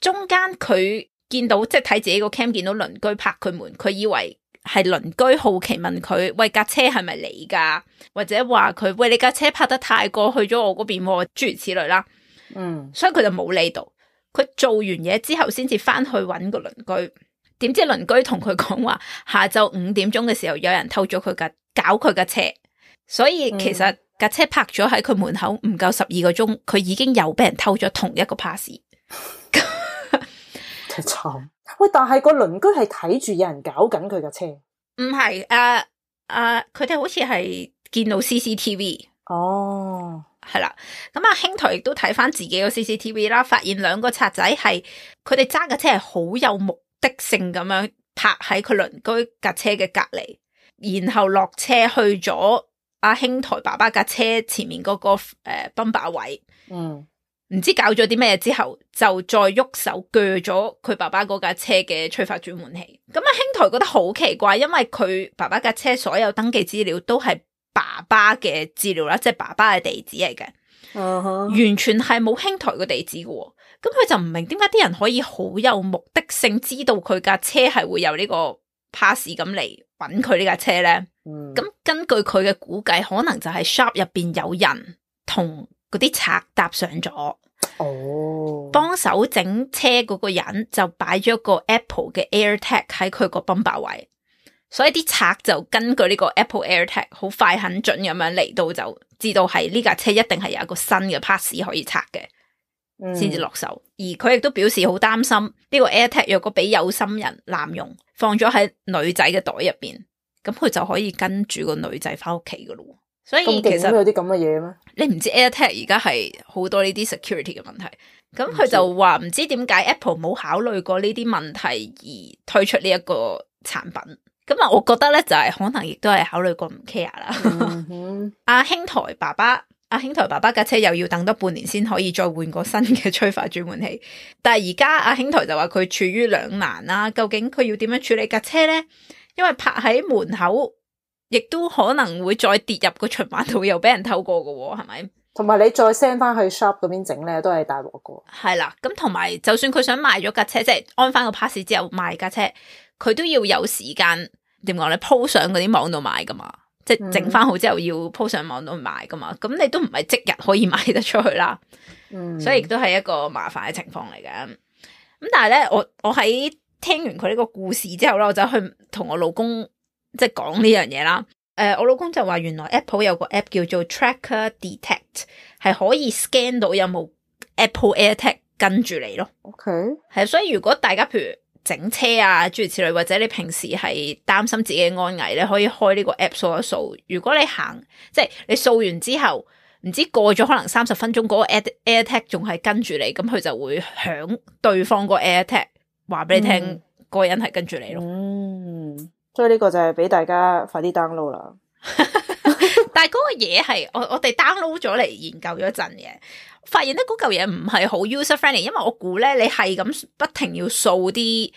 S2: 中間佢見到即係睇自己個 cam 見到鄰居拍佢門，佢以為係鄰居好奇問佢：喂架車係咪你噶？或者話佢喂你架車拍得太過去咗我嗰邊、啊，諸如此類啦。嗯，所以佢就冇理到。佢做完嘢之後先至翻去搵個鄰居。點知鄰居同佢講話：下晝五點鐘嘅時候有人偷咗佢架，搞佢架車。所以其實架、嗯、車拍咗喺佢門口唔夠十二個鐘，佢已經有俾人
S1: 偷咗同一個 pass。 慘喂！但係個鄰居係睇住有人搞緊佢嘅車，
S2: 唔係誒誒，佢哋好似係見到 CCTV 哦，係啦。咁阿兄台亦都睇翻自己嘅 CCTV 啦，發現兩個賊仔係佢哋揸嘅車係好有目的性咁樣拍喺佢鄰居架車嘅隔離然後落車去咗阿兄台爸爸架車前面嗰個誒 n 位，嗯。唔知搞咗啲咩嘢之後，就再喐手鋸咗佢爸爸嗰架車嘅催發轉換器。咁阿兄台覺得好奇怪，因為佢爸爸架車所有登記資料都係爸爸嘅資料啦，即係爸爸嘅地址嚟嘅。Uh huh. 完全係冇兄台個地址喎。咁佢就唔明點解啲人可以好有目的性，知道佢架車係會有呢個 pass 咁嚟揾佢呢架車呢。咁、uh huh. 根據佢嘅估計，可能就係 shop 入邊有人同。啲賊搭上咗，幫、oh. 手整車嗰個人就擺咗個 Apple 嘅 AirTag 喺佢個泵爆位，所以啲賊就根據呢個 Apple AirTag 好快很準咁樣嚟到就知道係呢架車一定係有一個新嘅 pass 可以拆嘅，先至落手。而佢亦都表示好擔心呢個 AirTag 若果俾有心人濫用，放咗喺女仔嘅袋入邊，咁佢就可以跟住個女仔翻屋企噶啦。所以其實有啲咁嘅嘢咩？你唔知 AirTag 而家係好多呢啲 security 嘅問題，咁佢就話唔知點解 Apple 冇考慮過呢啲問題而推出呢一個產品。咁啊，我覺得咧就係、是、可能亦都係考慮過唔 care 啦。阿兄、嗯哼 啊、兄台爸爸，阿、啊、兄台爸爸架車又要等多半年先可以再換個新嘅催化轉換器，但係而家阿兄台就話佢處於兩難啦。究竟佢要點樣處理架車咧？因為泊喺門口。亦都可能會再跌入個循環度，又俾人偷過喎，係咪？
S1: 同埋你再 send 翻去 shop 嗰邊整咧，都係大鑊過。係啦，
S2: 咁同埋就算佢想賣咗架車，即係安翻個 pass 之後賣架車，佢都要有時間點講咧，鋪上嗰啲網度賣噶嘛，即係整翻好之後要鋪上網度賣噶嘛。咁、嗯、你都唔係即日可以賣得出去啦，嗯、所以亦都係一個麻煩嘅情況嚟嘅。咁但係咧，我我喺聽完佢呢個故事之後咧，我就去同我老公。即係講呢樣嘢啦，誒、呃，我老公就話原來 Apple 有個 app 叫做 Tracker Detect，係可以 scan 到有冇 Apple AirTag 跟住你咯。OK，係啊，所以如果大家譬如整車啊、諸如此類，或者你平時係擔心自己嘅安危咧，你可以開呢個 app 掃一掃。如果你行，即係你掃完之後，唔知過咗可能三十分鐘嗰個 AirTag 仲係跟住你，咁佢就會響對方個 AirTag 話俾你聽，嗰人係
S1: 跟住你咯。嗯嗯所以呢個就係俾大家快啲 download 啦，
S2: 但係嗰個嘢係我我哋 download 咗嚟研究咗一陣嘅，發現咧嗰嚿嘢唔係好 user friendly，因為我估咧你係咁不停要掃啲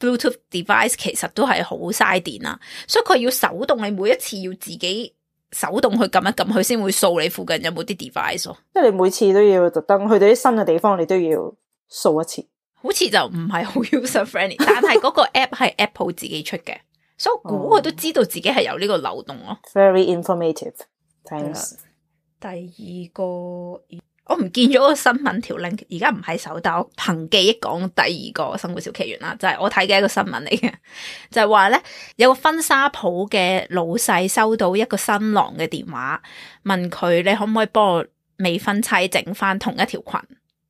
S2: Bluetooth device，其實都係好嘥電啊，所以佢要手動，你每一次要自己手動去撳一撳，佢先會掃你附近有冇啲 device。
S1: 即係你每次都要特登去到啲新嘅地方，你都要掃一次，
S2: 好似就唔係好 user friendly，但係嗰個 app 係 Apple 自己出嘅。所以我估佢都知道自己係有呢個漏洞咯、啊。
S1: Oh. Very informative。
S2: Thanks。Yeah. 第二個，我唔見咗個新聞條令，而家唔喺手，但我憑記憶講第二個生活小奇懸啦，就係、是、我睇嘅一個新聞嚟嘅，就係話咧有個婚紗鋪嘅老細收到一個新郎嘅電話，問佢你可唔可以幫我未婚妻整翻同一條裙？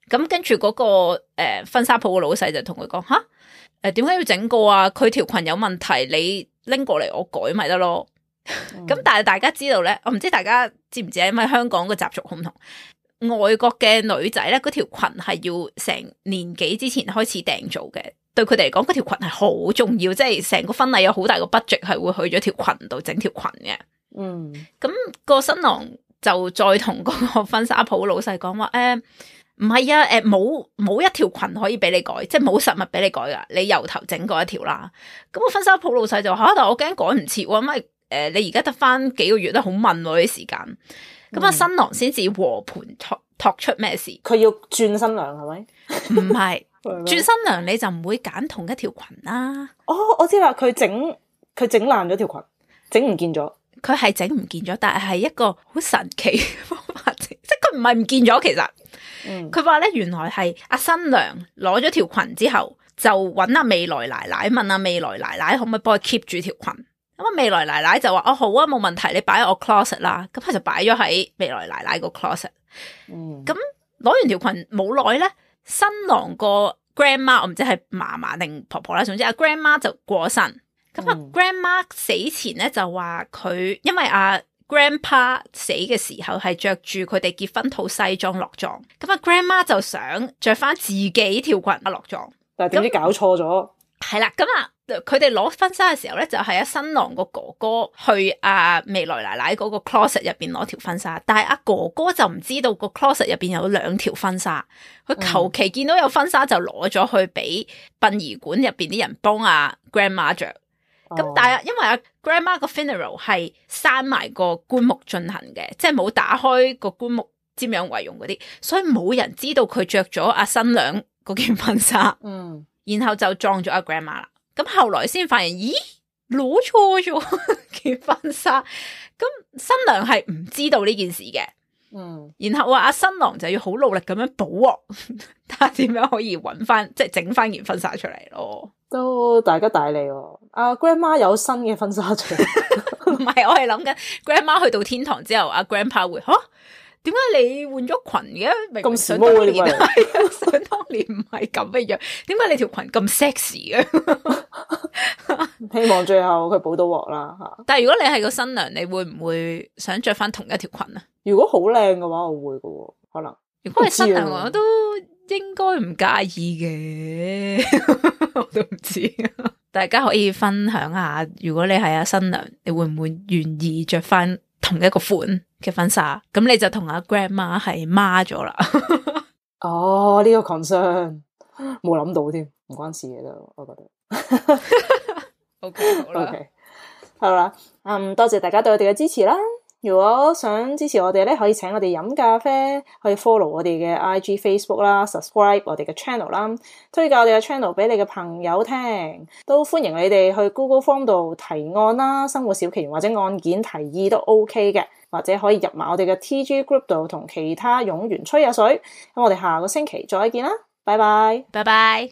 S2: 咁跟住嗰、那個誒、呃、婚紗鋪嘅老細就同佢講吓。點解要整個啊？佢條裙有問題，你拎過嚟，我改咪得咯。咁 但係大家知道咧，我唔知大家知唔知啊？因為香港嘅習俗好唔同，外國嘅女仔咧，嗰條裙係要成年幾之前開始訂做嘅。對佢哋嚟講，嗰條裙係好重要，即係成個婚禮有好大個 budget 係會去咗條裙度整條裙嘅。嗯，咁個新郎就再同嗰個婚紗鋪老細講話誒。哎唔係啊，誒，冇冇一條裙可以俾你改，即係冇實物俾你改噶，你由頭整過一條啦。咁我婚紗鋪老細就話、啊：，但我驚改唔切，因為誒、呃，你而家得翻幾個月都好慢咯啲時間。咁啊，新郎先至和盤托托出咩事？佢要轉新娘係咪？唔係，轉新娘你就唔會揀同一條裙啦。哦，我知啦，佢整佢整爛咗條裙，整唔見咗。佢係整唔見咗，但係係一個好神奇嘅方法，即係佢唔係唔見咗，其實。佢話咧，原來係阿新娘攞咗條裙之後，就揾阿未來奶奶問阿未來奶奶可唔可以幫佢 keep 住條裙。咁、嗯、啊，未來奶奶就話哦好啊，冇問題，你擺喺我 closet 啦。咁、嗯、佢就擺咗喺未來奶奶個 closet。嗯，咁攞、嗯、完條裙冇耐咧，新郎個 grandma，我唔知係嫲嫲定婆婆啦，總之阿、啊、grandma 就過身。咁、嗯嗯、啊，grandma 死前咧就話佢因為啊。Grandpa 死嘅時候係着住佢哋結婚套西裝落葬，咁啊 Grandma 就想着翻自己條裙落葬，但係點知搞錯咗？係啦，咁啊佢哋攞婚紗嘅時候咧，就係、是、阿新郎個哥哥去阿、啊、未來奶奶嗰個 closet 入邊攞條婚紗，但係阿哥哥就唔知道個 closet 入邊有兩條婚紗，佢求其見到有婚紗就攞咗去俾殯儀館入邊啲人幫阿、啊、Grandma 着。咁、嗯嗯、但係因為阿 grandma 個 funeral 係閂埋個棺木進行嘅，即係冇打開個棺木，瞻仰遺容嗰啲，所以冇人知道佢着咗阿新娘嗰件婚紗。嗯，然後就撞咗阿 grandma 啦。咁後來先發現，咦，攞錯咗 件婚紗。咁新娘係唔知道呢件事嘅。嗯，然後話阿新郎就要好努力咁樣補鑊，睇下點樣可以揾翻，即係整翻件婚紗出嚟咯。
S1: 都大吉大利、哦，阿 grandma 有新嘅婚紗場 ，
S2: 唔係，我係諗緊 grandma 去到天堂之後，阿 grandpa 會吓？點、啊、解你換咗裙嘅？咁少想當年唔係咁嘅樣，點解 你條裙咁 sexy 嘅？
S1: 希望最後佢補到鑊啦吓！
S2: 但係如果你係個新娘，你會唔會想着翻同一條裙啊？
S1: 如果好靚嘅話，我會噶可能。如果係新娘，我，我都。
S2: 應該唔介意嘅，
S1: 我都唔知。
S2: 大家可以分享下，如果你係阿新娘，你會唔會願意着翻同一個款嘅婚紗？咁你就同阿 grandma 係孖咗啦
S1: 哦，呢個 concern 冇諗到添，唔關事嘅都，我覺得。 Okay，好啦，Okay. 好啦，嗯，多謝大家對我哋嘅支持啦。如果想支持我哋咧，可以請我哋飲咖啡，去 follow 我哋嘅 IG、Facebook 啦，subscribe 我哋嘅 channel 啦，推介我哋嘅 channel 俾你嘅朋友聽，都歡迎你哋去 Google Form 度提案啦，生活小奇懸或者案件提議都 OK 嘅，或者可以入埋我哋嘅 TG group 度同其他涌員吹下水，咁我哋下個星期再見啦，拜拜，拜拜。